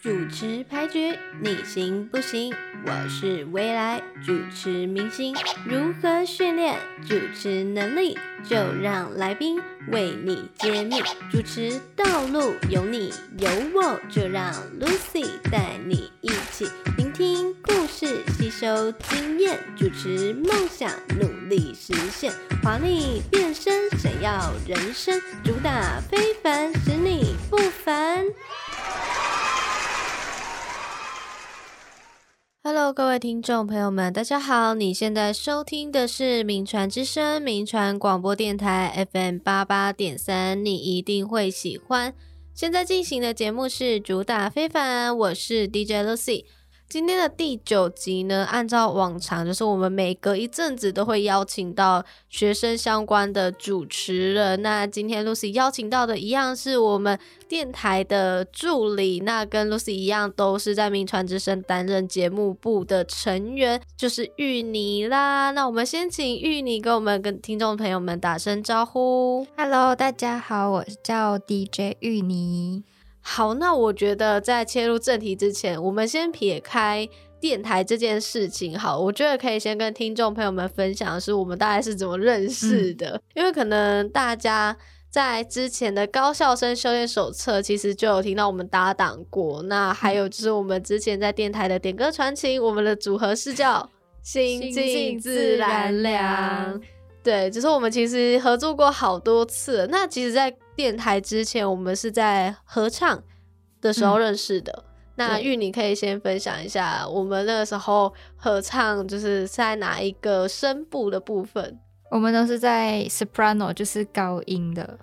主持排局，你行不行？我是未來主持明星，如何訓練主持能力？就讓來賓為你揭秘。主持道路有你有我，就讓 Lucy 帶你一起聆聽故事，吸收經驗。主持夢想努力實現，華麗變身閃耀人生，主打非凡，使你不凡。Hello，各位聽眾朋友們，大家好！你現在收聽的是《銘傳之聲》銘傳廣播電台 FM 八八點三，你一定會喜歡。現在進行的節目是主打非凡，我是 DJ Lucy。今天的第九集呢，按照往常，就是我們每隔一陣子都會邀請到學生相關的主持人。那今天 Lucy 邀請到的，一樣是我們電台的助理。那跟 Lucy 一樣，都是在銘傳之聲擔任節目部的成員，就是芋泥啦。那我們先請芋泥跟我們跟聽眾的朋友們打聲招呼。Hello，大家好，我叫 DJ 芋泥。好，那我覺得在切入正題之前，我們先撇開電台這件事情。好，我覺得可以先跟聽眾朋友們分享的是，我們大概是怎麼認識的？嗯、因為可能大家在之前的《高校生修煉手冊》其實就有聽到我們搭檔過，嗯、那還有就是我們之前在電台的《點歌傳情》，我們的組合是叫“心靜自然涼”。對，就是我們其實合作過好多次。那其實，在電台之前，我們是在合唱的時候認識的。嗯、那芋，你可以先分享一下，我們那個時候合唱就是在哪一個聲部的部分？我們都是在 soprano，就是高音的。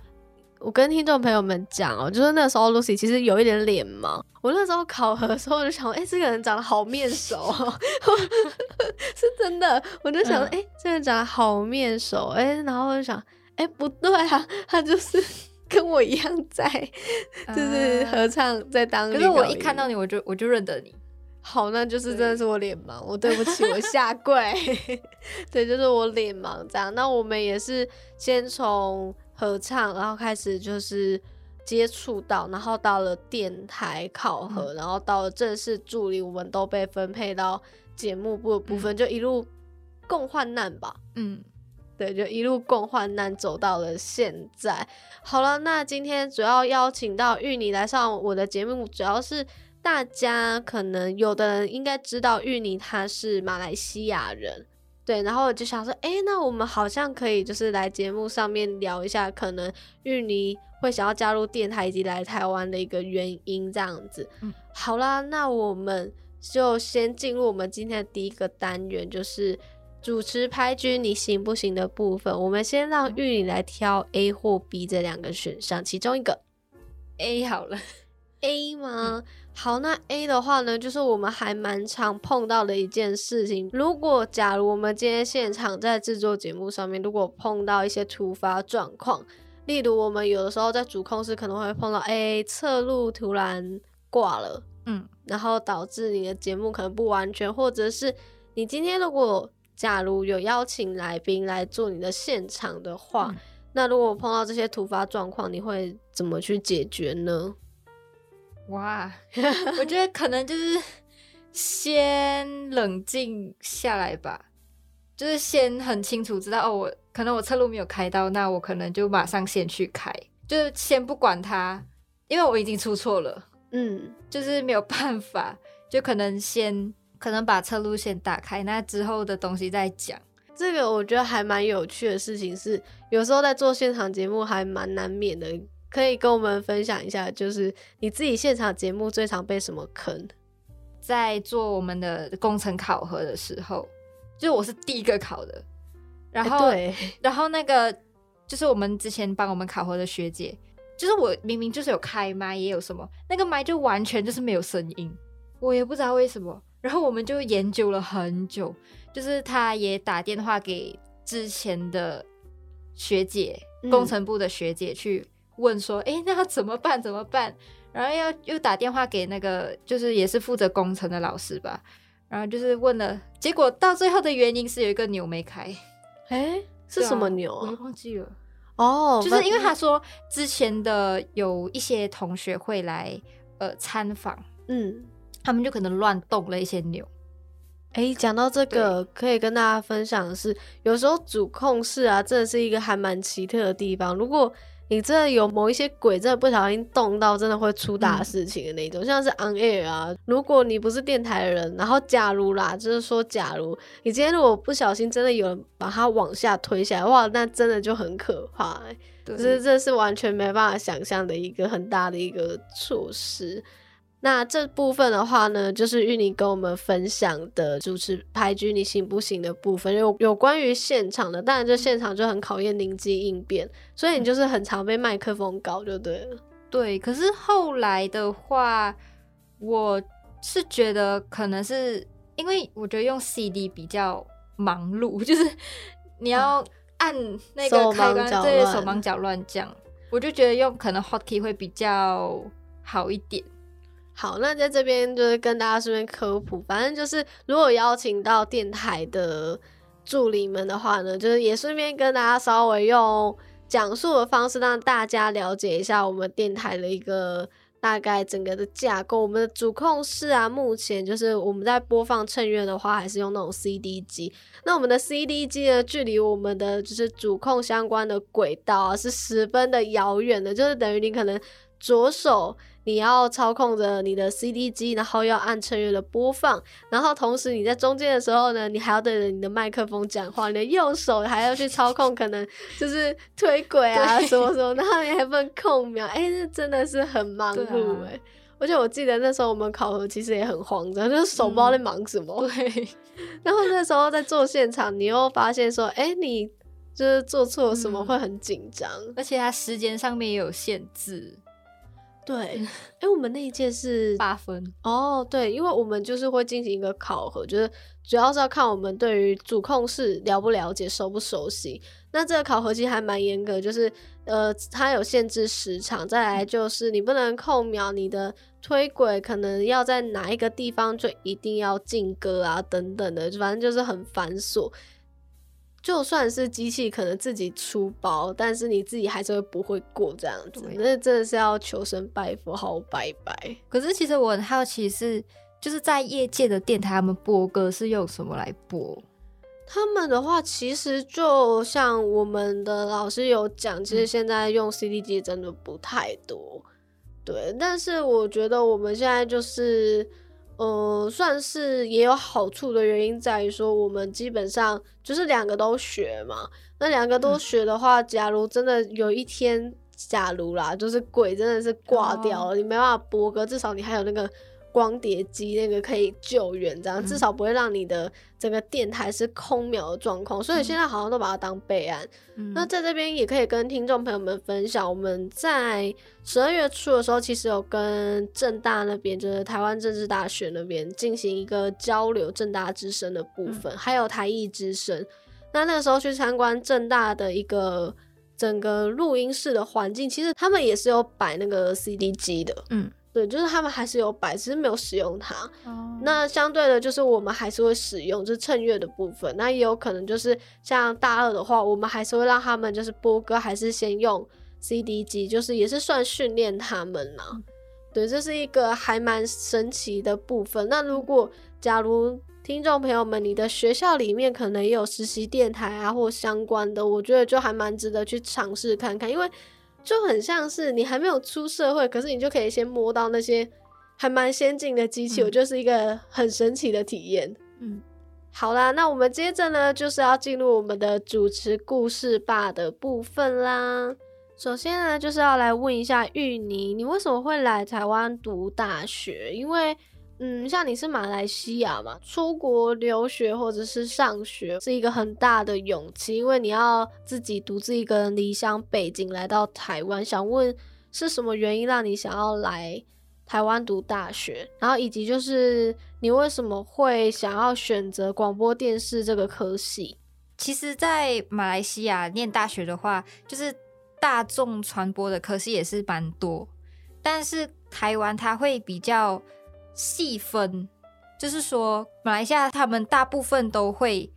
我跟聽眾朋友們講哦，就是那時候 Lucy 其實有一點臉盲。我那時候考核的時候，我就想，哎、欸，這個人長得好面熟， 是真的。我就想說，哎、欸，這個人長得好面熟，哎、欸，然後我就想，哎、欸，不對啊，他就是。跟我一樣在就是合唱，uh, 在當，可是我一看到你，我就我就認得你。好，那就是對真的是我臉盲，我對不起， 我下跪。 對，就是我臉盲這樣。那我們也是先從合唱，然後開始就是接觸到，然後到了電台考核，嗯、然後到了正式助理，我們都被分配到節目部的部分，嗯、就一路共患難吧。嗯。對，就一路共患難，走到了現在。好了，那今天主要邀請到芋泥來上我的節目，主要是大家可能有的人應該知道芋泥他是馬來西亞人，對。然後我就想說，誒、欸，那我們好像可以就是來節目上面聊一下，可能芋泥會想要加入電台以及來台灣的一個原因這樣子。嗯，好啦，那我們就先進入我們今天的第一個單元，就是。主持拍劇，你行不行的部分？我們先讓芋泥來挑 A 或 B 這兩個選項，其中一個 A 好了，A 嗎？好，那 A 的話呢，就是我們還蠻常碰到的一件事情。如果假如我們今天現場在制作節目上面，如果碰到一些突發狀況，例如我們有的時候在主控室可能會碰到 A 側路突然掛了，嗯，然後導致你的節目可能不完全，或者是你今天如果假如有邀請來賓來做你的現場的話，嗯、那如果碰到這些突發狀況，你會怎麼去解決呢？哇， 我覺得可能就是先冷靜下來吧，就是先很清楚知道哦，我可能我側路沒有開到，那我可能就馬上先去開，就是先不管它，因為我已經出錯了，嗯，就是沒有辦法，就可能先。可能把車路線打開，那之後的東西再講。這個我覺得還蠻有趣的事情是，有時候在做現場節目還蠻難免的。可以跟我們分享一下，就是你自己現場節目最常被什麼坑？在做我們的工程考核的時候，就是我是第一個考的，然後，欸對欸，然後那個就是我們之前幫我們考核的學姐，就是我明明就是有開麥，也有什麼那個麥就完全就是沒有聲音，我也不知道為什麼。然後我們就研究了很久，就是他也打電話給之前的學姐，工程部的學姐去問說：“哎、嗯，那要怎麼辦？怎麼辦？”然後要又打電話給那個，就是也是負責工程的老師吧。然後就是問了，結果到最後的原因是有一個鈕沒開。誒，啊、是什麼鈕我忘記了。哦，oh, 就是因為他說之前的有一些同學會來呃參訪，嗯。他們就可能亂動了一些鈕誒，講、欸、到這個，對可以跟大家分享的是，有時候主控室啊，真的是一個還蠻奇特的地方。如果你真的有某一些鬼，真的不小心動到，真的會出大事情的那種，嗯、像是 on air 啊。如果你不是電臺人，然後假如啦，就是說，假如你今天如果不小心，真的有人把它往下推下來，哇，那真的就很可怕、欸。只對是這是完全沒辦法想象的一個很大的一個措施。那這部分的話呢，就是芋泥跟我們分享的就是牌局你行不行的部分，有有關於現場的，當然就現場就很考驗靈機應變，所以你就是很常被麥克風搞，就對了、嗯。對，可是後來的話，我是覺得可能是因為我覺得用 CD 比較忙碌，就是你要按那個開關，對、嗯，手忙腳亂，這，這樣我就覺得用可能 Hotkey 會比較好一點。好，那在這邊就是跟大家順便科普，反正就是如果邀請到電台的助理們的話呢，就是也順便跟大家稍微用講述的方式讓大家了解一下我們電台的一個大概整個的架構。我們的主控室啊，目前就是我們在播放襯樂的話，還是用那種 CD 機。那我們的 CD 機呢，距離我們的就是主控相關的軌道啊，是十分的遙遠的，就是等於你可能左手。你要操控着你的 C D 機，然後要按成員的播放，然後同時你在中間的時候呢，你還要對着你的麥克風講話，你的右手還要去操控， 可能就是推軌啊什麼什麼，對然後你還要控秒，哎、欸，那真的是很忙碌哎。而且、啊、我,我記得那時候我們考核其實也很慌張，就是手不知道在忙什麼。對、嗯。 然後那時候在做現場，你又發現說，哎、欸，你就是做錯了什麼會很緊張，而且它時間上面也有限制。對，哎、嗯，欸，我們那一屆是八分哦。對，因為我們就是會進行一個考核，就是主要是要看我們對於主控室了不了解、熟不熟悉。那這個考核其實還蠻嚴格的，就是呃，它有限制時長，再來就是你不能扣秒，你的推軌可能要在哪一個地方就一定要進歌啊等等的，反正就是很繁瑣。就算是機器可能自己出包，但是你自己還是不會過這樣子，那對真的是要求神拜佛，好，好拜拜。可是其實我很好奇是，就是在業界的電台，他們播歌是用什麼來播？他們的話其實就像我們的老師有講，其實現在用 CD 機真的不太多，嗯、對。但是我覺得我們現在就是。嗯，算是也有好處的原因在於說，我們基本上就是兩個都學嘛。那兩個都學的話，假如真的有一天，假如啦，就是鬼真的是掛掉了，嗯、你沒辦法播歌，至少你還有那個。光碟機那個可以救援，這樣、嗯、至少不會讓你的整個電台是空秒的狀況。所以現在好像都把它當備案。嗯、那在這邊也可以跟聽眾朋友們分享，我們在十二月初的時候，其實有跟政大那邊，就是台灣政治大學那邊進行一個交流，政大之聲的部分，嗯、還有台藝之聲。那那時候去參觀政大的一個整個錄音室的環境，其實他們也是有擺那個 CD 機的。嗯。對，就是他們還是有擺，只是沒有使用它。哦、那相對的，就是我們還是會使用，就是襯樂的部分。那也有可能就是像大二的話，我們還是會讓他們就是播歌，還是先用 CD 機，就是也是算訓練他們呢。嗯、對，這是一個還蠻神奇的部分。那如果假如聽眾朋友們，你的學校裡面可能也有實習電台啊或相關的，我覺得就還蠻值得去嘗試看看，因為。就很像是你還沒有出社會，可是你就可以先摸到那些還蠻先進的機器。嗯、我就是一個很神奇的體驗。嗯，好啦，那我們接着呢，就是要進入我們的主持故事吧的部分啦。首先呢，就是要來問一下芋泥，你為什麼會來台灣讀大學？因為嗯，像你是馬來西亞嘛，出國留學或者是上學是一個很大的勇氣，因為你要自己獨自一個人離鄉背井來到台灣。想問是什麼原因讓你想要來台灣讀大學，然後以及就是你為什麼會想要選擇廣播電視這個科系？其實，在馬來西亞念大學的話，就是大眾傳播的科系也是蠻多，但是台灣它會比較。細分就是說，馬來西亞他們大部分都會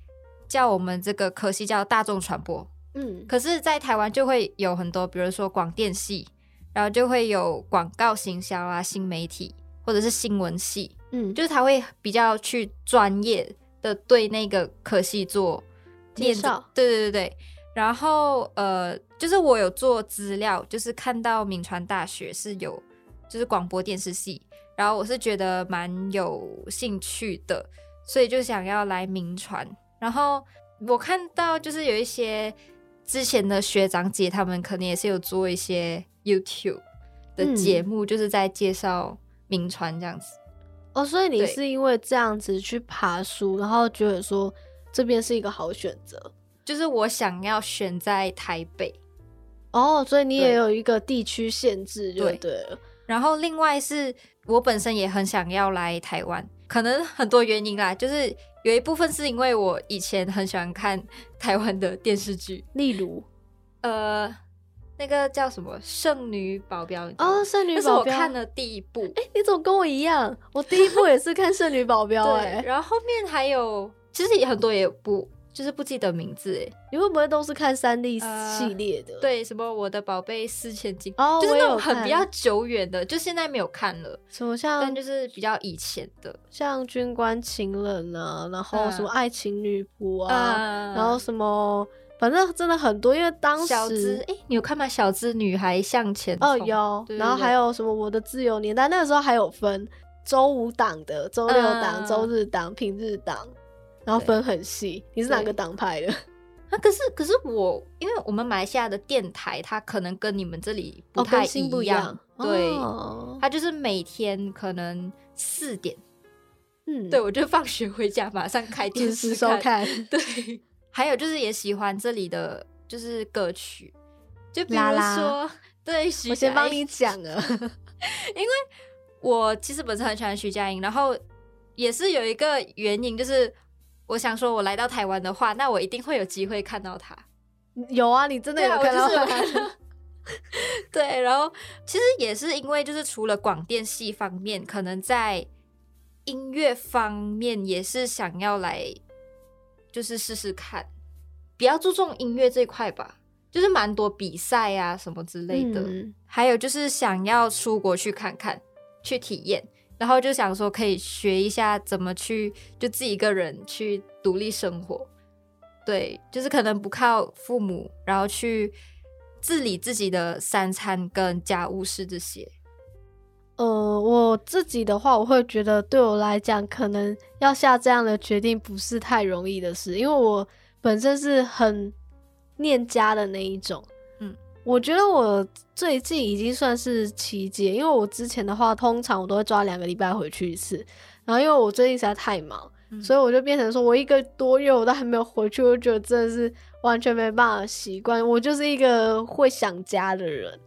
叫我們這個科系叫大眾傳播，嗯，可是，在台灣就會有很多，比如說廣電系，然後就會有廣告行銷啊、新媒體或者是新聞系，嗯，就是他會比較去專業的對那個科系做介紹，對對對對，然後呃，就是我有做資料，就是看到銘傳大學是有就是廣播電視系。然後我是覺得蠻有興趣的，所以就想要來銘傳。然後我看到就是有一些之前的學長姐他們可能也是有做一些 YouTube 的節目，就是在介紹銘傳這樣子。嗯、對哦，所以你是因為這樣子去爬梳，對然後覺得說這邊是一個好選擇，就是我想要選在台北。哦，所以你也有一個地區限制對，對對。然後，另外是我本身也很想要來台灣，可能很多原因啦，就是有一部分是因為我以前很喜歡看台灣的電視劇，例如，呃，那個叫什麼《剩女保鏢》哦，《剩女保鏢》是我看的第一部。哎、欸，你怎麼跟我一樣？我第一部也是看《剩女保鏢》欸哎， 然後後面還有，其實也很多，也有部。就是不記得名字哎，你會不會都是看三 D 系列的？Uh, 對，什麼我的寶貝四千金，oh, 就是那種很比較久遠的，就現在沒有看了。什麼像但就是比較以前的，像軍官情人啊，然後什麼愛情女僕啊，uh, 然後什麼，反正真的很多。因為當時哎、欸，你有看嗎？小資女孩向前衝。哦，有。對對對，然後還有什麼我的自由年代？那個時候還有分周五檔的、周六檔、周日檔、uh. 平日檔。然後分很細，對你是哪個黨派的？啊，可是可是我，因為我們馬來西亞的電台，它可能跟你們這裡不太一樣。哦、不一樣，對，哦、它就是每天可能四點，嗯，對我就放學回家馬上開電視看收看。對，還有就是也喜歡這裡的，就是歌曲，就比如說啦啦對徐佳瑩，我先幫你講了， 因為我其實本身很喜歡徐佳瑩，然後也是有一個原因就是。我想說，我來到台灣的話，那我一定會有機會看到他。有啊，你真的有看到他？對，啊、 對，然後其實也是因為，就是除了廣電系方面，可能在音樂方面也是想要來，就是試試看，比較注重音樂這一塊吧，就是蠻多比賽啊什麼之類的，嗯、還有就是想要出國去看看，去體驗。然後就想說，可以學一下怎麼去，就自己一個人去獨立生活，對，就是可能不靠父母，然後去自理自己的三餐跟家務事這些。呃，我自己的話，我會覺得對我來講，可能要下這樣的決定不是太容易的事，因為我本身是很念家的那一種。我覺得我最近已經算是奇蹟，因為我之前的話，通常我都會抓兩個禮拜回去一次。然後因為我最近實在太忙，嗯、所以我就變成說我一個多月我都還沒有回去，我覺得真的是完全沒辦法習慣。我就是一個會想家的人，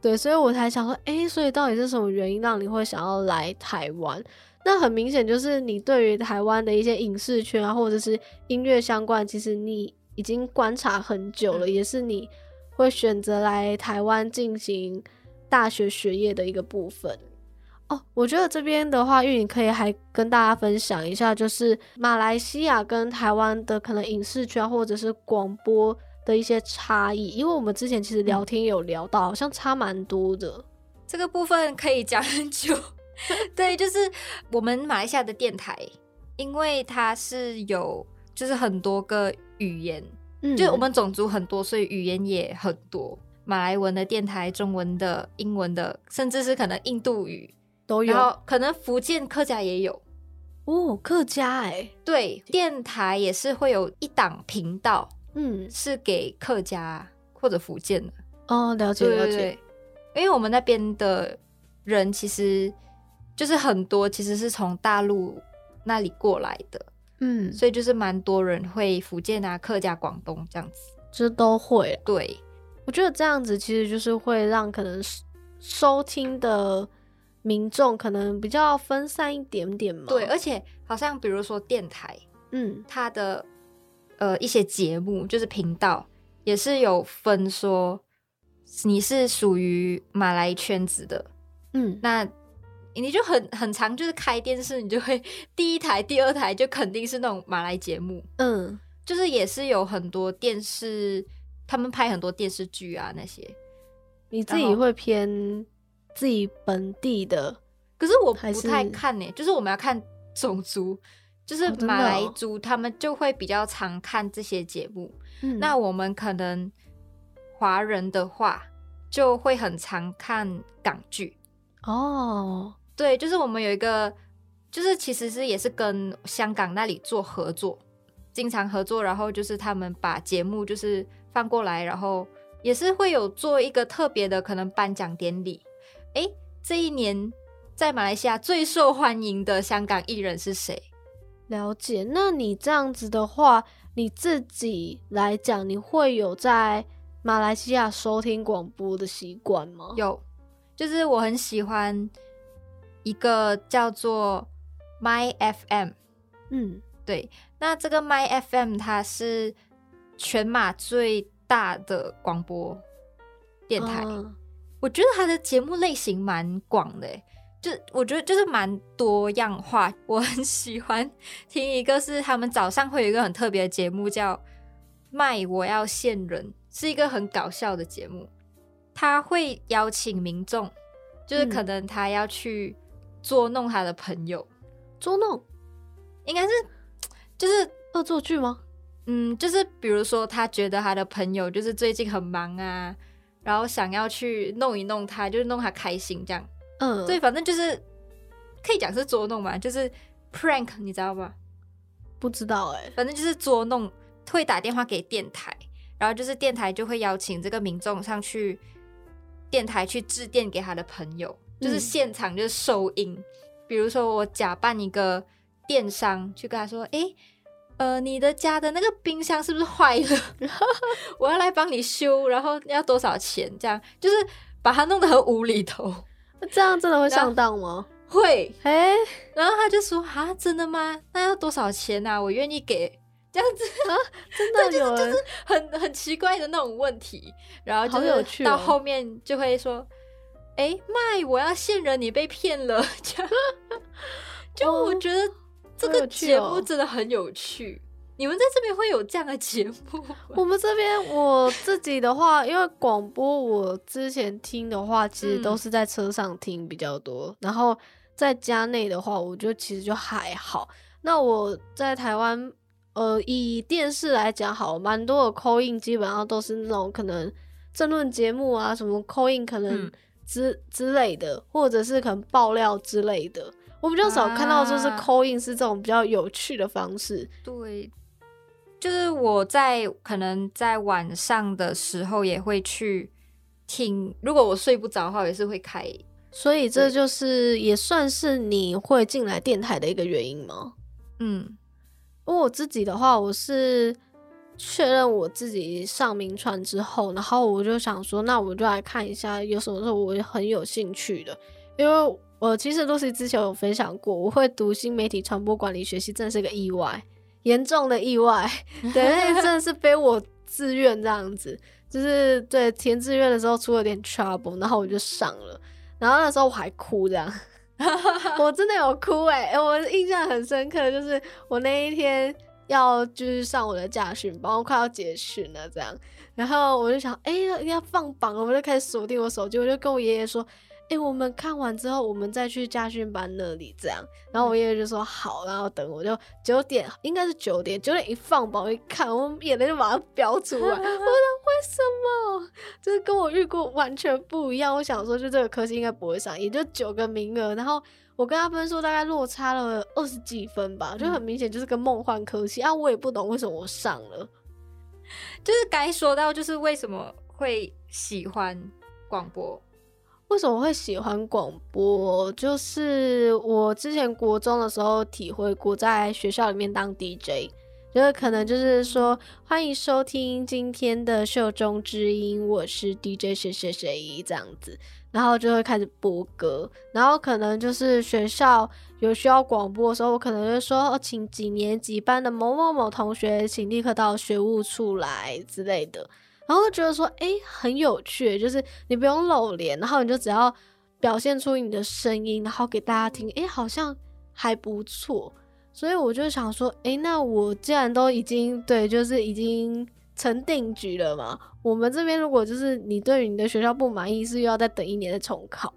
對，所以我才想說，誒，所以到底是什麼原因讓你會想要來台灣？那很明顯就是你對於台灣的一些影視圈啊，或者是音樂相關，其實你已經觀察很久了，嗯、也是你。會選擇來台灣進行大學學業的一個部分哦。我覺得這邊的話，芋泥可以還跟大家分享一下，就是馬來西亞跟台灣的可能影視圈或者是廣播的一些差異，因為我們之前其實聊天有聊到，嗯、好像差蠻多的。這個部分可以講很久。 對，就是我們馬來西亞的電台，因為它是有就是很多個語言。就我們種族很多，所以語言也很多。馬來文的電台、中文的、英文的，甚至是可能印度語都有。然後可能福建客家也有。哦，客家哎，對，電台也是會有一檔頻道，嗯，是給客家、嗯、或者福建的。哦，了解對對了解。因為我們那邊的人其實就是很多，其實是從大陸那裡過來的。嗯，所以就是蠻多人會福建啊、客家、廣東這樣子，其實都會啊。對，我覺得這樣子其實就是會讓可能收聽的民眾可能比較分散一點點嘛。對，而且好像比如說電台，嗯，他的呃一些節目，就是頻道，也是有分說你是屬於馬來圈子的，嗯，那。你就很很常，就是開電視，你就會第一台、第二台就肯定是那種馬來節目，嗯，就是也是有很多電視，他們拍很多電視劇啊那些，你自己會偏自己本地的，可是我不太看呢、欸，是就是我們要看種族，就是馬來族他們就會比較常看這些節目，哦哦嗯、那我們可能華人的話就會很常看港劇哦。對，就是我們有一個，就是其實是也是跟香港那裡做合作，經常合作，然後就是他們把節目就是放過來，然後也是會有做一個特別的可能頒獎典禮。欸，這一年在馬來西亞最受歡迎的香港藝人是誰？了解。那你這樣子的話，你自己來講，你會有在馬來西亞收聽廣播的習慣嗎？有，就是我很喜歡。一個叫做 My FM，嗯，對，那這個 My FM 它是全馬最大的廣播電台，哦、我覺得它的節目類型蠻廣的，就我覺得就是蠻多樣化。我很喜歡聽一個是他們早上會有一個很特別的節目叫《賣我要線人》，是一個很搞笑的節目，他會邀請民眾，就是可能他要去、嗯。捉弄他的朋友，捉弄，應該是就是惡作劇嗎？嗯，就是比如說他覺得他的朋友就是最近很忙啊，然後想要去弄一弄他，就是弄他開心這樣。嗯、呃，對，反正就是可以講是捉弄嘛，就是 prank，你知道嗎？不知道哎、欸，反正就是捉弄，會打電話給電台，然後就是電台就會邀請這個民眾上去電台去致電給他的朋友。就是現場就收音、嗯，比如說我假扮一個電商去跟他說：“哎、欸，呃，你的家的那個冰箱是不是壞了？然後 我要來幫你修，然後要多少錢？這樣就是把它弄得很無厘頭。這樣真的會上當嗎？會，哎，欸、然後他就說：啊，真的嗎？那要多少錢呢、啊？我願意給。這樣子啊，真的有、就是就是很很奇怪的那種問題，然後就是到後面就會說。哦”哎，麥、欸，我要線人，你被騙了。就我覺得這個節目真的很有趣，哦有趣哦、你們在這邊會有這樣的節目？我們這邊我自己的話， 因為廣播我之前聽的話，其實都是在車上聽比較多。嗯、然後在家內的話，我覺得其實就還好。那我在台灣，呃，以電視來講，好，蠻多的 call in 基本上都是那種可能政論節目啊，什麼 call in 可能、嗯。之之類的，或者是可能爆料之類的，我比較少看到，就是 call in 是這種比較有趣的方式。對，就是我在可能在晚上的時候也會去聽，如果我睡不着的話，也是會開。所以這就是對也算是你會進來電台的一個原因嗎？嗯，因為我自己的話，我是。確認我自己上銘傳之後，然後我就想說，那我就來看一下有什麼是我很有興趣的。因為我、呃、其實 Lucy 之前有分享過，我會讀新媒體傳播管理學系，真的是個意外，嚴重的意外。對，真的是非我自願這樣子， 就是對填志願的時候出了點 trouble，然後我就上了，然後那時候我還哭這樣， 我真的有哭誒、欸，我印象很深刻，就是我那一天。要繼續上我的駕訓班，我快要結訓了，這樣，然後我就想，哎、欸，要要放榜了，我就開始鎖定我手機，我就跟我爺爺說，哎、欸，我們看完之後，我們再去駕訓班那裡，這樣，然後我爺爺就說好，然後等我就九點，應該是九點，九點一放榜，我一看，我眼淚就把它飆出來，我說為什麼，就是跟我預估完全不一樣，我想說就這個科系應該不會上，也就九個名額，然後。我跟他分數大概落差了二十幾分吧，就很明顯就是跟夢幻科系、嗯、啊，我也不懂為什麼我上了，就是該說到就是為什麼會喜歡廣播，為什麼會喜歡廣播，就是我之前國中的時候體會過，在學校裡面當 DJ，就是可能就是說歡迎收聽今天的秀中之音，我是 DJ 誰誰誰這樣子。然後就會開始播歌，然後可能就是學校有需要廣播的時候，我可能就說請幾年幾班的某某某同學，請立刻到學務處來之類的。然後就覺得說，哎，很有趣，就是你不用露臉，然後你就只要表現出你的聲音，然後給大家聽，哎，好像還不錯。所以我就想說，哎，那我既然都已經，對，就是已經。成定局了嗎？我們這邊如果就是你對於你的學校不滿意，是又要再等一年的重考。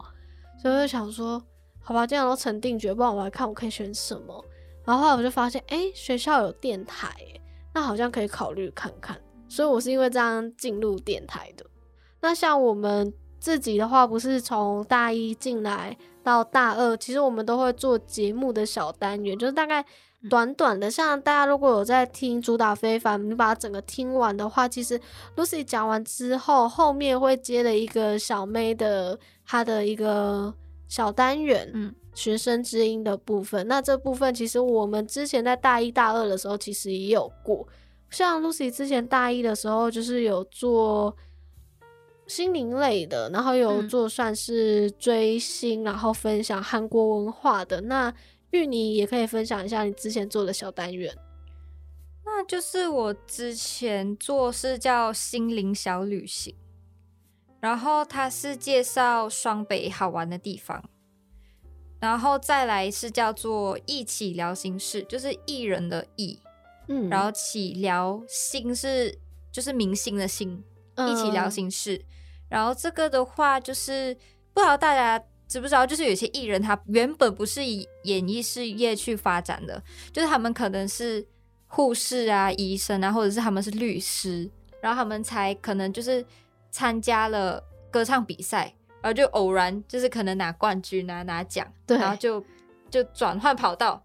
所以我就想說，好吧，既然都成定局，不然我來看我可以選什麼。然後後來我就發現，欸，學校有電台，那好像可以考慮看看。所以我是因為這樣進入電台的。那像我們自己的話，不是從大一進來到大二，其實我們都會做節目的小單元，就是大概。短短的，像大家如果有在聽《主打非凡》，你把它整個聽完的話，其實 Lucy 講完之後，後面會接了一個小妹的，她的一個小單元，學生之音的部分。嗯、那這部分其實我們之前在大一、大二的時候其實也有過，像 Lucy 之前大一的時候就是有做心靈類的，然後有做算是追星，嗯、然後分享韓國文化的那。芋泥也可以分享一下你之前做的小單元，那就是我之前做的是叫“心靈小旅行”，然後它是介紹雙北好玩的地方，然後再來是叫做“一起聊心事”，就是藝人的藝，嗯，然後“起聊心事”是就是明星的心，嗯、一起聊心事。然後這個的話就是不曉得大家，知不知道？就是有些藝人，他原本不是以演藝事業去發展的，就是他們可能是護士啊、醫生啊，或者是他們是律師，然後他們才可能就是參加了歌唱比賽，然後就偶然就是可能拿冠軍啊、拿拿獎，對，然後就就轉換跑道。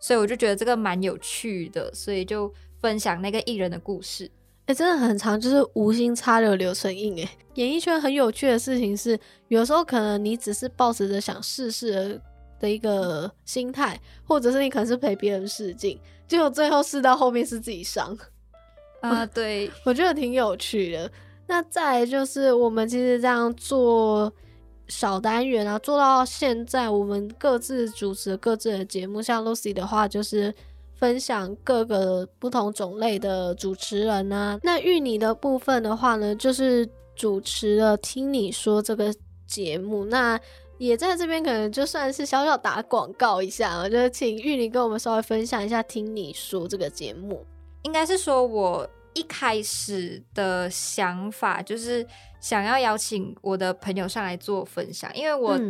所以我就覺得這個蠻有趣的，所以就分享那個藝人的故事。哎、欸，真的很常，就是無心插柳，柳成蔭。哎，演藝圈很有趣的事情是，有時候可能你只是抱持着想試試的一個心態，或者是你可能是陪別人試鏡，結果最後試到後面是自己上。啊，對。我，我覺得挺有趣的。那再來就是我們其實這樣做小單元啊，做到現在我們各自主持各自的節目，像 Lucy 的話就是。分享各個不同種類的主持人呢、啊？那芋泥的部分的話呢，就是主持了聽你說這個節目。那也在這邊可能就算是小小打廣告一下，我就是、請芋泥跟我們稍微分享一下聽你說這個節目。應該是說我一開始的想法就是想要邀請我的朋友上來做分享，因為我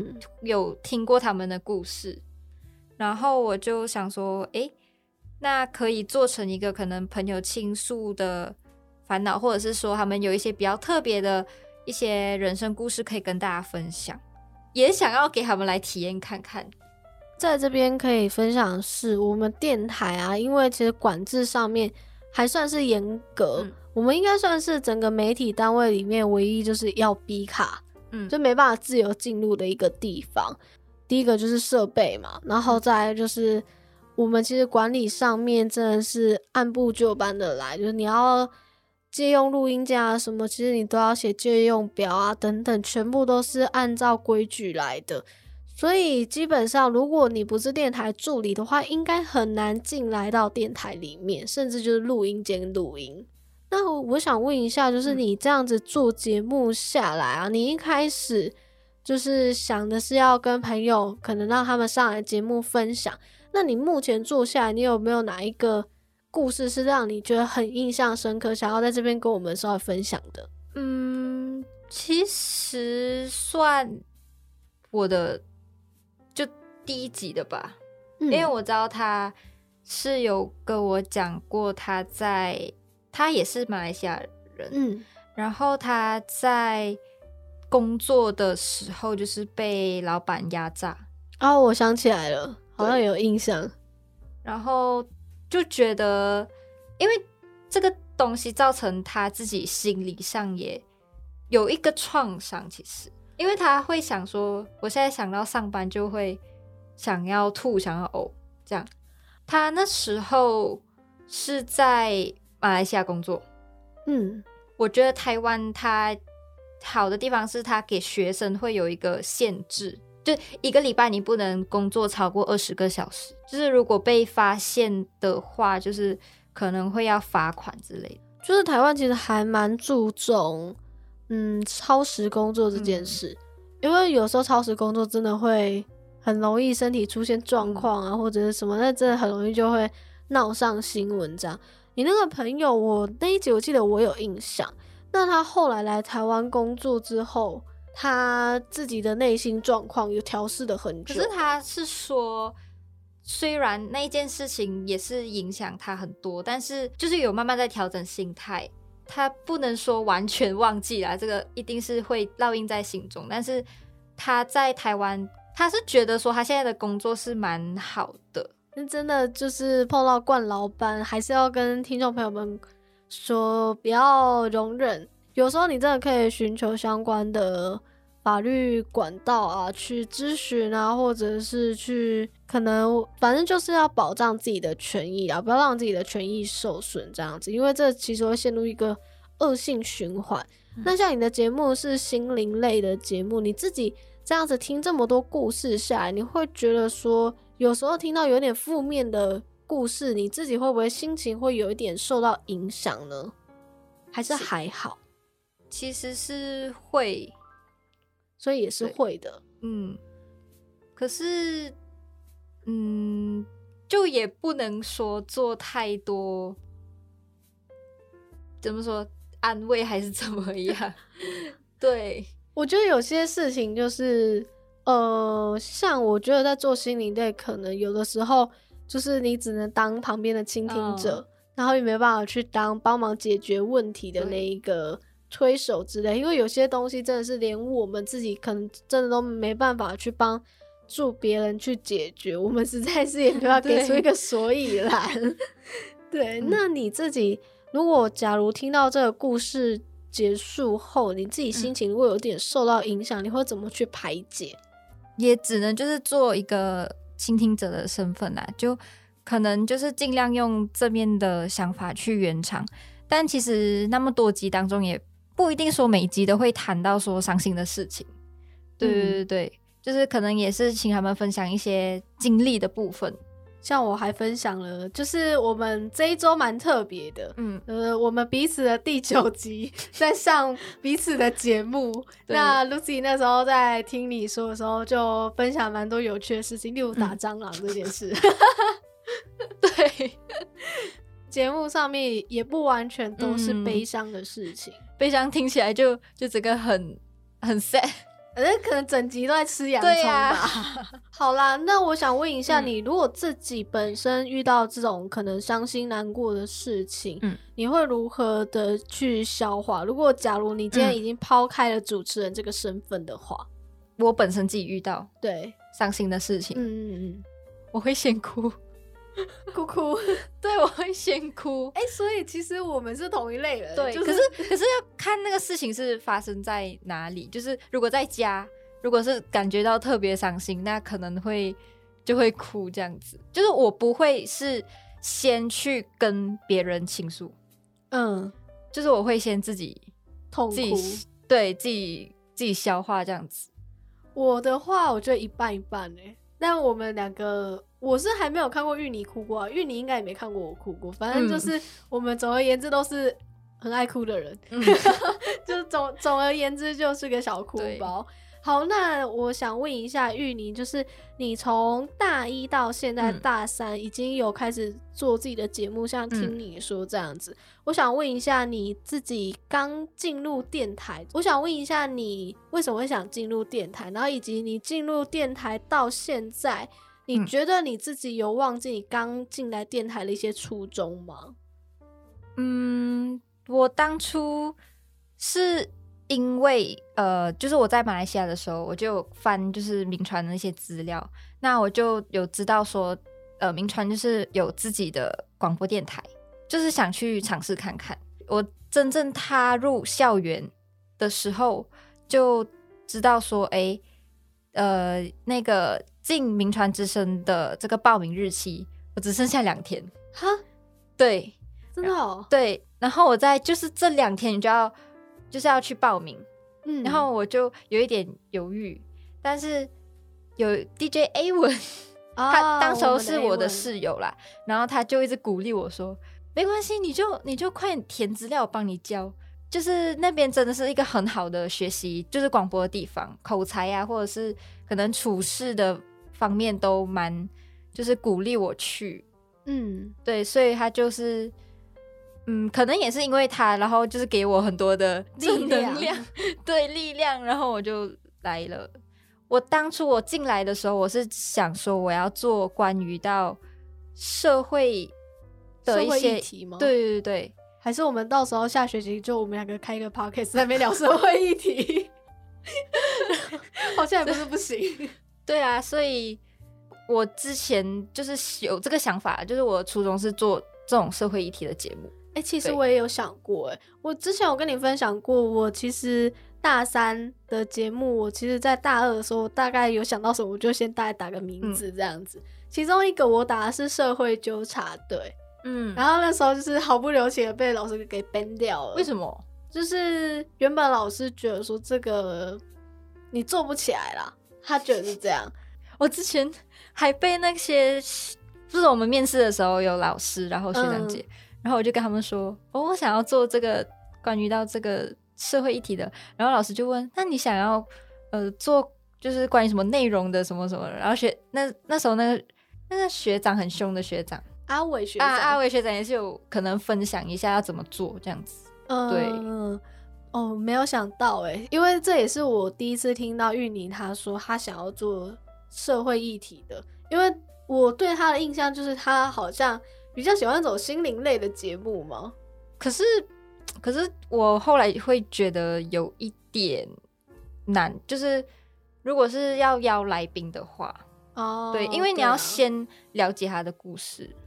有聽過他們的故事，嗯、然後我就想說，哎、欸。那可以做成一個可能朋友傾訴的煩惱，或者是說他們有一些比較特別的一些人生故事可以跟大家分享，也想要給他們來體驗看看。在這邊可以分享的是，我們電台啊，因為其實管制上面還算是嚴格，嗯、我們應該算是整個媒體單位裡面唯一就是要嗶卡，嗯，就沒辦法自由進入的一個地方。第一個就是設備嘛，然後再就是。我們其實管理上面真的是按部就班的來，就是你要借用錄音間啊什麼，其實你都要寫借用表啊等等，全部都是按照規矩來的。所以基本上，如果你不是電台助理的話，應該很難進來到電台裡面，甚至就是錄音間錄音。那我想問一下，就是你這樣子做節目下來啊，你一開始就是想的是要跟朋友可能讓他們上來節目分享。那你目前坐下，你有沒有哪一個故事是讓你覺得很印象深刻，想要在這邊跟我們稍微分享的？嗯，其實算我的就第一集的吧，嗯，因為我知道他是有跟我講過，他在他也是馬來西亞人，嗯，然後他在工作的時候就是被老闆壓榨。哦，我想起來了。好像有印象，然後就覺得，因為這個東西造成他自己心理上也有一個創傷。其實，因為他會想說，我現在想到上班就會想要吐、想要嘔。這樣，他那時候是在馬來西亞工作。嗯，我覺得台灣它好的地方是，它給學生會有一個限制。就一個禮拜，你不能工作超過二十個小時。就是如果被發現的話，就是可能會要罰款之類的。就是台灣其實還蠻注重，嗯，超時工作這件事，嗯、因為有時候超時工作真的會很容易身體出現狀況啊，嗯、或者是什麼，那真的很容易就會鬧上新聞這樣。你那個朋友，我那一集我記得我有印象。那他後來來台灣工作之後。他自己的內心狀況有調適得很久，可是他是說，雖然那一件事情也是影響他很多，但是就是有慢慢在調整心態。他不能說完全忘記啦，這個一定是會烙印在心中。但是他在台灣，他是覺得說他現在的工作是蠻好的。那真的就是碰到慣老板，還是要跟聽眾朋友們說，不要容忍。有時候你真的可以尋求相關的法律管道啊，去諮詢啊，或者是去可能反正就是要保障自己的權益啊，不要讓自己的權益受損這樣子，因為這其實會陷入一個惡性循環。嗯。那像你的節目是心靈類的節目，你自己這樣子聽這麼多故事下來，你會覺得說有時候聽到有點負面的故事，你自己會不會心情會有一點受到影響呢？還是還好？其實是會，所以也是會的，嗯。可是，嗯，就也不能說做太多，怎麼說安慰還是怎麼樣？ 對，我覺得有些事情就是，呃，像我覺得在做心理類，可能有的時候就是你只能當旁邊的傾聽者，哦、然後又沒有辦法去當幫忙解決問題的那一個。推手之類，因為有些東西真的是連我們自己可能真的都沒辦法去幫助別人去解決，我們實在是也沒有要給出一個所以然。 對， 對，那你自己如果假如聽到這個故事結束後，你自己心情如果有點受到影響，嗯、你會怎麼去排解？也只能就是做一個傾聽者的身份啦，就可能就是盡量用正面的想法去圓場，但其實那麼多集當中也。不一定說每一集都會談到說傷心的事情，對對對，對，嗯、就是可能也是請他們分享一些經歷的部分。像我還分享了，就是我們這一周蠻特別的，嗯，呃，我們彼此的第九集在 上彼此的節目。 對那 Lucy 那時候在聽你說的時候，就分享蠻多有趣的事情，例如打蟑螂這件事。嗯、 對， 節目上面也不完全都是悲傷的事情。嗯悲傷聽起來就就整個很很 sad，反正可能整集都在吃洋蔥吧。對啊、 好啦，那我想問一下你，嗯、如果自己本身遇到這種可能傷心難過的事情，嗯，你會如何的去消化？如果假如你今天已經拋開了主持人這個身份的話、嗯，我本身自己遇到對傷心的事情，嗯嗯嗯我 哭哭， 我會先哭，哭哭，對我會先哭。哎，所以其實我們是同一類人，對就是 可，可是可是要。看那個事情是發生在哪裡，就是如果在家，如果是感覺到特別傷心，那可能會就會哭這樣子。就是我不會是先去跟別人傾訴，嗯，就是我會先自己痛苦，對自己自己消化這樣子。我的話，我覺得一半一半哎。那我們兩個，我是還沒有看過芋泥哭過啊，芋泥應該也沒看過我哭過。反正就是我們總而言之都是。很愛哭的人、嗯， 就總總而言之就是個小哭包。對好，那我想問一下芋泥，就是你從大一到現在大三，已經有開始做自己的節目，嗯、像聽你說這樣子。嗯、我想問一下你自己剛進入電台，我想問一下你為什麼會想進入電台，然後以及你進入電台到現在，你覺得你自己有忘記你剛進來電台的一些初衷嗎？嗯。我當初是因為呃，就是我在馬來西亞的時候，我就有翻就是銘傳的那些資料，那我就有知道說，呃，銘傳就是有自己的廣播電台，就是想去嘗試看看。我真正踏入校園的時候，就知道說，誒，呃，那個進銘傳之聲的這個報名日期，我只剩下兩天。哈，對，真的哦，對。然後我在就是這兩天你就要就是要去報名，嗯，然後我就有一點猶豫，但是有 DJ A 文、哦、他當時候是我的室友啦，然後他就一直鼓勵我說沒關係，你就你就快點填資料我幫你交，就是那邊真的是一個很好的學習，就是廣播的地方，口才啊或者是可能處事的方面都蠻，就是鼓勵我去，嗯，對，所以他就是，嗯，可能也是因為他，然後就是給我很多的正能量，力量， 對力量，然後我就來了。我當初我進來的時候，我是想說我要做關於到社會的一些社會議題嗎？對對對，還是我們到時候下學期就我們兩個開一個 podcast，在那邊聊社會議題， 好像也不是不行。 對啊，所以我之前就是有這個想法，就是我初衷是做這種社會議題的節目。哎、欸，其實我也有想過哎，對我之前有跟你分享過，我其實大三的節目，我其實在大二的時候大概有想到什麼，我就先大概打個名字這樣子。嗯、其中一個我打的是社會糾察隊，嗯，然後那時候就是毫不留情的被老師給 ban 掉了。為什麼？就是原本老師覺得說，這個你做不起來啦，他覺得是這樣。 我之前還被那些就是我們面試的時候有老師，然後學長姐。嗯然後我就跟他們說：“哦，我想要做這個關於到這個社會議題的。”然後老師就問：“那你想要呃做就是關於什麼內容的？什麼什麼？”然後學那那時候那個那個學長很兇的學長阿偉學長、啊、阿偉學長也是有可能分享一下要怎麼做這樣子。嗯，對，嗯，哦，沒有想到哎，因為這也是我第一次聽到芋泥他說他想要做社會議題的，因為我對他的印象就是他好像。比較喜歡這種心靈類的節目嗎？可是，可是我後來會覺得有一點難，就是如果是要邀來賓的話，哦，對，因為你要先了解他的故事。啊、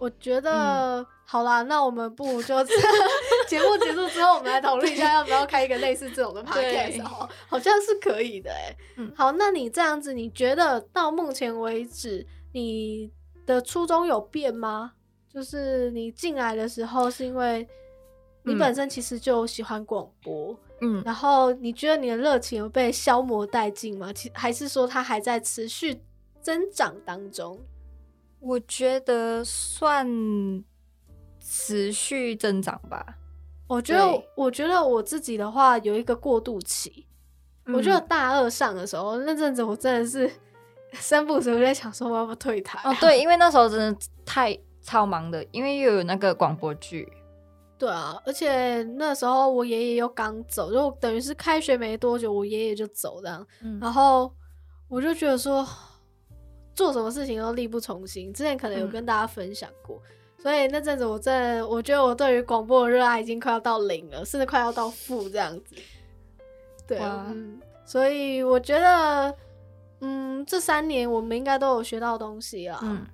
我覺得、嗯、好啦，那我們不如就節 目結束之後，我們來討論一下要不要開一個類似這種的 podcast 的時候，好像是可以的哎。嗯、好，那你這樣子，你覺得到目前為止你的初衷有變嗎？就是你進來的時候，是因為你本身其實就喜歡廣播。嗯，嗯，然後你覺得你的熱情有被消磨殆盡嗎？其還是說它還在持續增長當中？我覺得算持續增長吧。我覺得，對我覺得我自己的話有一個過渡期。我覺得大二上的時候、嗯、那陣子，我真的是三不五時我在想說我要不要退台哦，對，因為那時候真的太。超忙的，因為又有那個廣播劇，對啊，而且那時候我爺爺又剛走，就等於是開學沒多久，我爺爺就走這樣，嗯、然後我就覺得說做什麼事情都力不從心。之前可能有跟大家分享過，嗯、所以那陣子我在我覺得我對於廣播的熱愛已經快要到零了，甚至快要到負這樣子。對啊，哇所以我覺得，嗯，這三年我們應該都有學到東西啊。嗯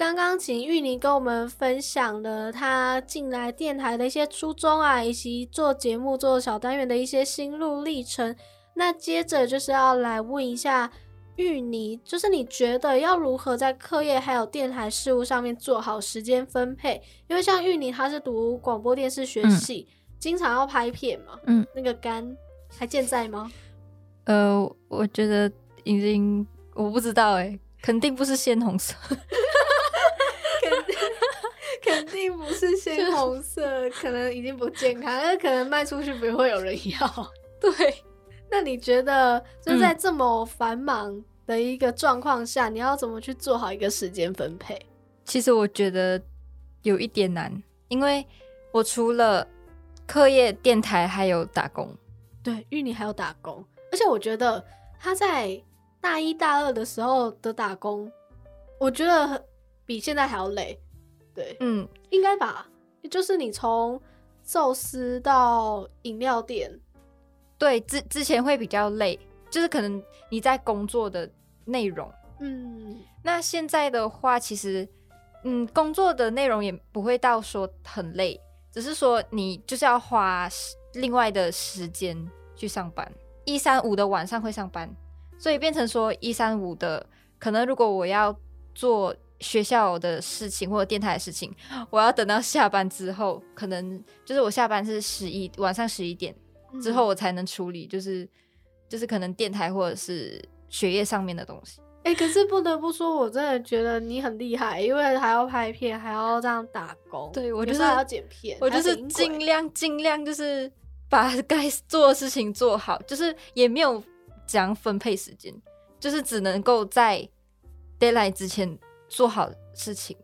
剛剛請芋泥跟我們分享了他進來電台的一些初衷啊，以及做節目做小單元的一些心路歷程。那接着就是要來問一下芋泥，就是你覺得要如何在課業還有電台事務上面做好時間分配？因為像芋泥她是讀廣播電視學系，嗯，經常要拍片嘛。嗯，那個肝還健在嗎？呃，我覺得已經我不知道哎，欸，肯定不是鮮紅色。 一定不是鮮紅色，就是 可能已經不健康，那 可能賣出去不會有人要。 對，那你覺得就在這麼繁忙的一個狀況下，嗯、你要怎麼去做好一個時間分配？其實我覺得有一點難，因為我除了課業、電台，還有打工。對，芋泥還有打工，而且我覺得他在大一大二的時候的打工，我覺得比現在還要累。對，嗯，應該吧，就是你從壽司到飲料店，對，之之前會比較累，就是可能你在工作的內容，嗯，那現在的話，其實嗯工作的內容也不會到說很累，只是說你就是要花另外的時間去上班，一三五的晚上會上班，所以變成說一三五的可能，如果我要做。學校的事情或者電台的事情，我要等到下班之後，可能就是我下班是十一晚上十一點之後，我才能處理，就是、嗯、就是可能電台或者是學業上面的東西。哎、欸，可是不得不說，我真的覺得你很厲害，因為還要拍片，還要這樣打工。對我就是要剪片，我就是儘量儘量就是把該做的事情做好，就是也沒有講分配時間，就是只能夠在 deadline 之前。做好事情，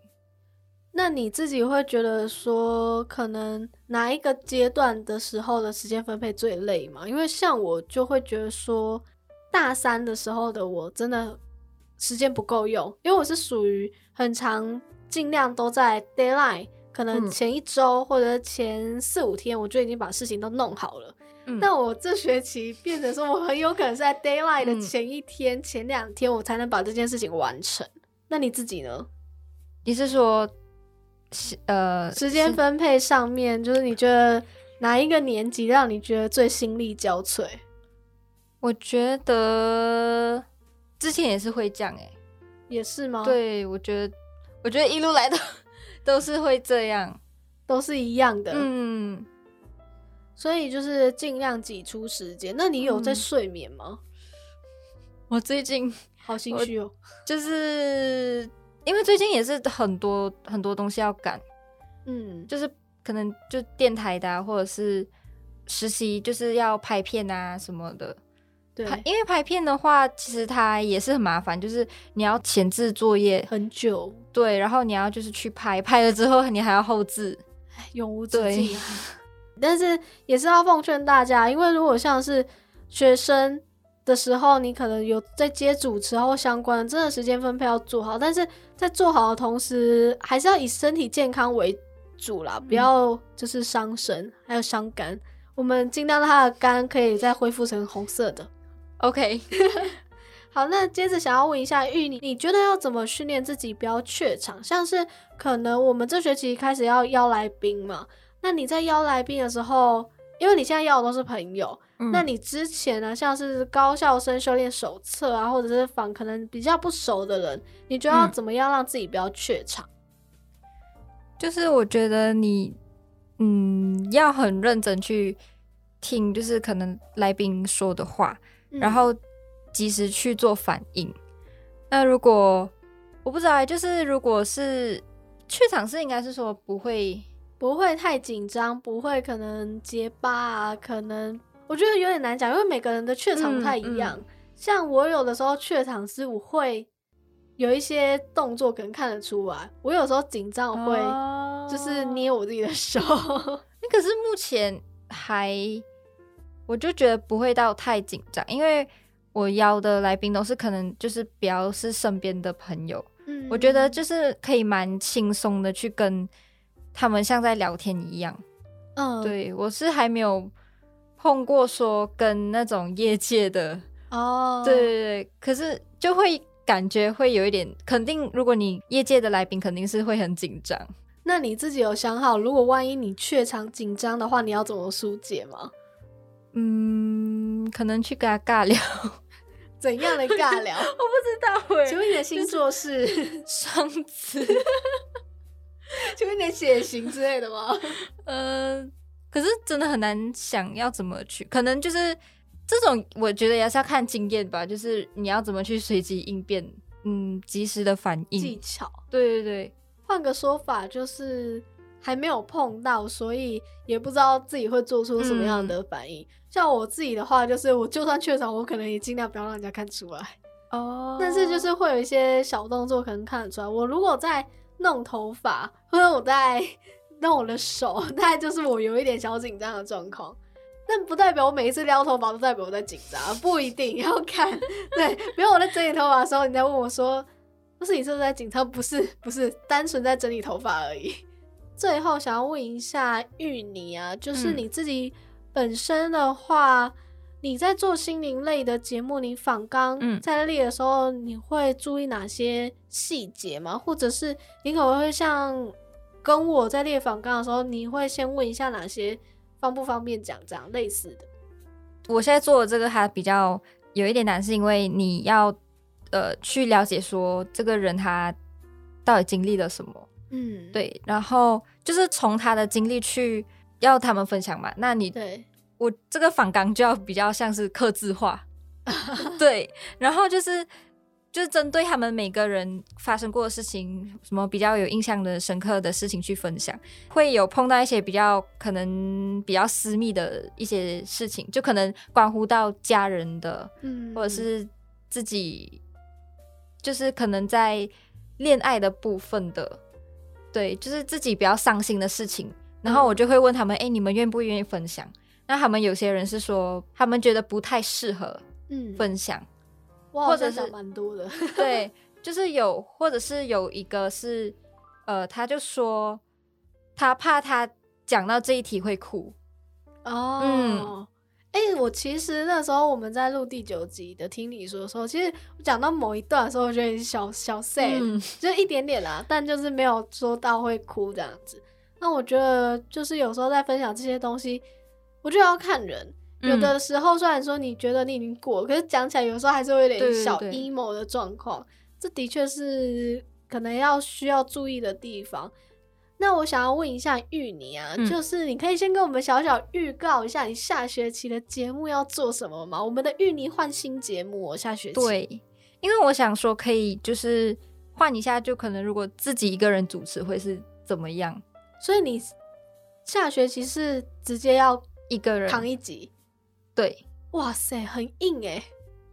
那你自己會覺得說，可能哪一個階段的時候的時間分配最累嗎？因為像我就會覺得說，大三的時候的我真的時間不夠用，因為我是屬於很常，盡量都在 deadline 可能前一周或者前四五天，我就已經把事情都弄好了。嗯、但我這學期變成說，我很有可能在 deadline 的前一天、嗯、前兩天，我才能把這件事情完成。那你自己呢？你是說，呃，是時間分配上面，就是你覺得哪一個年級讓你覺得最心力交瘁？我覺得之前也是會這樣，欸，哎，也是嗎？對，我覺得，我覺得一路來的都是會這樣，都是一樣的。嗯，所以就是盡量擠出時間。那你有在睡眠嗎？嗯、我最近。好心虛哦，就是因為最近也是很多很多東西要趕，嗯，就是可能就電台的啊，或者是實習，就是要拍片啊什麼的。對，因為拍片的話，其實它也是很麻煩，就是你要前置作業很久，對，然後你要就是去拍，拍了之後你還要後置，哎，永無止境啊。對 但是也是要奉勸大家，因為如果像是學生。的時候，你可能有在接主持或相關的，真的時間分配要做好。但是在做好的同時，還是要以身體健康為主啦，不要就是傷神，還有傷肝。我們盡量讓他的肝可以再恢復成紅色的。OK， 好，那接着想要問一下芋泥，你覺得要怎麼訓練自己不要怯場？像是可能我們這學期開始要邀來賓嘛，那你在邀來賓的時候？因為你現在邀的都是朋友，嗯、那你之前呢、啊，像是高校生修煉手冊啊，或者是訪可能比較不熟的人，你覺得要怎麼樣讓自己不要怯場、嗯？就是我覺得你，嗯，要很認真去聽，就是可能來賓說的話，嗯、然後及時去做反應。那如果我不知道，就是如果是怯場，是應該是說不會。不會太緊張，不會可能結巴啊，可能我覺得有點難講，因為每個人的怯場不太一樣。嗯嗯、像我有的時候怯場是我會有一些動作，可能看得出來。我有時候緊張會就是捏我自己的手。你、哦、 可是目前還，我就覺得不會到太緊張，因為我邀的來賓都是可能就是比較是身邊的朋友，嗯、我覺得就是可以蠻輕鬆的去跟。他們像在聊天一樣，嗯，對，我是還沒有碰過說跟那種業界的哦，對對，可是就會感覺會有一點，肯定如果你業界的來賓肯定是會很緊張。那你自己有想好，如果萬一你怯場緊張的話，你要怎麼疏解嗎？嗯，可能去跟他尬聊。怎樣的尬聊？ 我不知道哎、欸。請問你的星座是雙、就是、 子。 就是點血型之類的嗎？嗯、 呃，可是真的很難，想要怎麼去，可能就是這種，我覺得也是要看經驗吧。就是你要怎麼去隨機應變，嗯，及時的反應技巧。對對對，換個說法就是還沒有碰到，所以也不知道自己會做出什麼樣的反應。嗯、像我自己的話，就是我就算確診，我可能也儘量不要讓人家看出來。哦，但是就是會有一些小動作，可能看得出來。我如果在。弄頭髮或者我在弄我的手，大概就是我有一點小緊張的狀況，但不代表我每一次撩頭髮都代表我在緊張，不一定要看。對，比如我在整理頭髮的時候，你在問我說，不是你是不是在緊張？不是，不是單純在整理頭髮而已。最後想要問一下芋泥啊，就是你自己本身的話。嗯你在做心靈類的節目，你訪綱在列的時候，嗯、你會注意哪些細節嗎？或者是你可能會像跟我在列訪綱的時候，你會先問一下哪些方不方便講，這樣類似的。我現在做的這個還比較有一點難，是因為你要呃去了解說這個人他到底經歷了什麼。嗯，對，然後就是從他的經歷去要他們分享嘛。那你對。我這個訪綱就要比較像是客製化。 對，然後就是就是針對他們每個人發生過的事情，什麼比較有印象的、深刻的事情去分享，會有碰到一些比較可能比較私密的一些事情，就可能關乎到家人的，嗯、或者是自己，就是可能在戀愛的部分的，對，就是自己比較傷心的事情，然後我就會問他們，哎、嗯，你們願不願意分享？那他們有些人是說，他們覺得不太適合嗯分享，嗯、或者是蠻多的，對，就是有或者是有一個是呃，他就說他怕他講到這一題會哭哦，哎、嗯欸，我其實那時候我們在錄第九集的，聽你說說，其實我講到某一段的時候，我覺得已經小小碎，嗯、就一點點啦，但就是沒有說到會哭這樣子。那我覺得就是有時候在分享這些東西。我就要看人，有的時候雖然說你覺得你已經過，嗯、可是講起來有時候還是會有點小 emo 的狀況。對對對，這的確是可能要需要注意的地方。那我想要問一下芋泥啊，嗯、就是你可以先跟我們小小預告一下你下學期的節目要做什麼嗎？我們的芋泥換新節目？喔，我下學期對，因為我想說可以就是換一下，就可能如果自己一個人主持會是怎麼樣？所以你下學期是直接要？一個人躺一集，對，哇塞，很硬哎。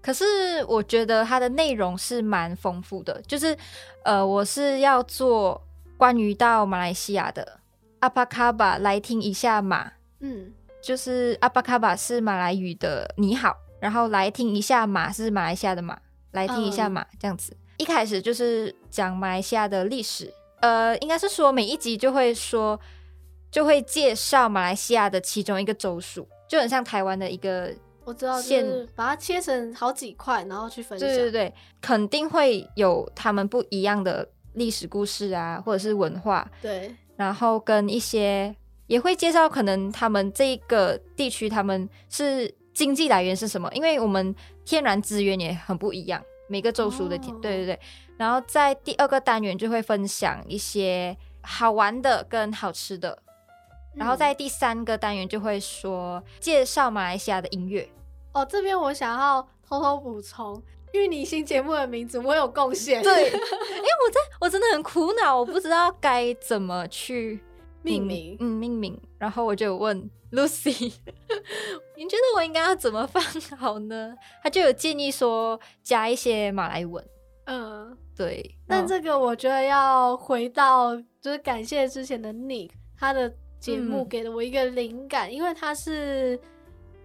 可是我覺得它的內容是蠻豐富的，就是，呃，我是要做關於到馬來西亞的阿巴卡巴來聽一下嘛，嗯，就是阿巴卡巴是馬來語的你好，然後來聽一下馬是馬來西亞的馬，來聽一下馬、嗯、這樣子。一開始就是講馬來西亞的歷史，呃，應該是說每一集就會說。就會介紹馬來西亞的其中一個州屬，就很像台灣的一個線我知道縣，就是、把它切成好幾塊，然後去分享。對對對，肯定會有他們不一樣的歷史故事啊，或者是文化。對，然後跟一些也會介紹，可能他們這個地區他們是經濟來源是什麼，因為我們天然資源也很不一樣，每個州屬的天。哦、對對對，然後在第二個單元就會分享一些好玩的跟好吃的。然後在第三個單元就會說介紹馬來西亞的音樂、嗯、哦。這邊我想要偷偷補充，因為你新節目的名字我有貢獻。對，哎、 欸，我在我真的很苦惱，我不知道該怎麼去命，命名。嗯，命名。然後我就有問 Lucy， 你覺得我應該要怎麼放好呢？他就有建議說加一些馬來文。嗯，對。但這個我覺得要回到，就是感謝之前的你，他的。節目給了我一個靈感，嗯、因為他是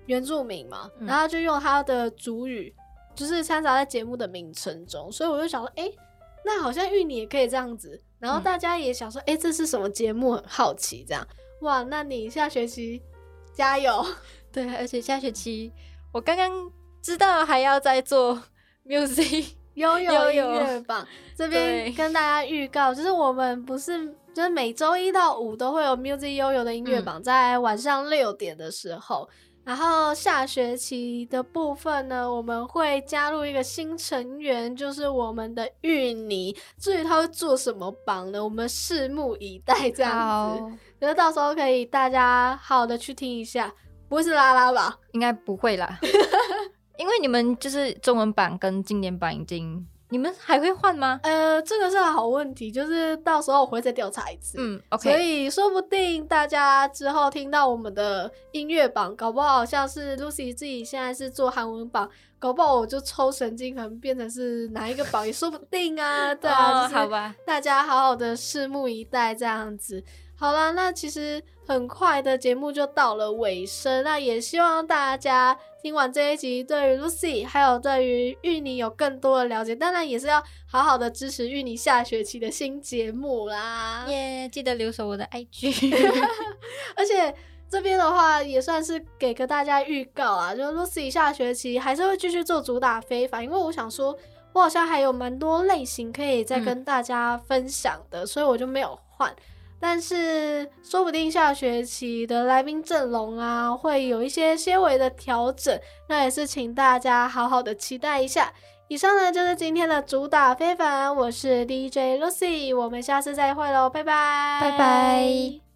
原住民嘛，嗯、然後就用他的族語，就是摻雜在節目的名稱中，所以我就想說，哎，那好像芋泥也可以這樣子。然後大家也想說，哎，這是什麼節目？很好奇這樣，嗯、哇！那你下學期加油， 對，而且下學期我剛剛知道還要再做 music 悠遊音樂榜， 有有樂 這邊邊 對跟大家預告，就是我們不是。就是每周一到五都會有 Music YoYo 的音樂榜，嗯、在晚上六點的時候。然後下學期的部分呢，我們會加入一個新成員，就是我們的芋泥。至於他會做什麼榜呢？我們拭目以待。這樣子，覺得、嗯、到時候可以大家好好的去聽一下。不是拉拉吧？應該不會啦， 因為你們就是中文版跟經典版已經。你們還會換嗎？呃，這個是個好問題，就是到時候我會再調查一次。嗯，OK，所以說不定大家之後聽到我們的音樂榜，搞不好像是 Lucy 自己現在是做韓文榜，搞不好我就抽神經，可能變成是哪一個榜 也說不定啊。 對啊，好吧，大家好好的拭目以待這樣子。好啦，那其實很快的節目就到了尾聲，那也希望大家。聽完這一集，對於 Lucy 還有對於芋泥有更多的了解，當然也是要好好的支持芋泥下學期的新節目啦！耶，yeah, 記得留守我的 IG， 而且這邊的話也算是給個大家預告啊，就 Lucy 下學期還是會繼續做主打非法，因為我想說我好像還有蠻多類型可以再跟大家分享的，嗯、所以我就沒有換。但是說不定下學期的來賓陣容啊，會有一些些微的調整，那也是請大家好好的期待一下。以上呢就是今天的主打非凡，我是 DJ Lucy，我們下次再會嘍，拜拜，拜拜。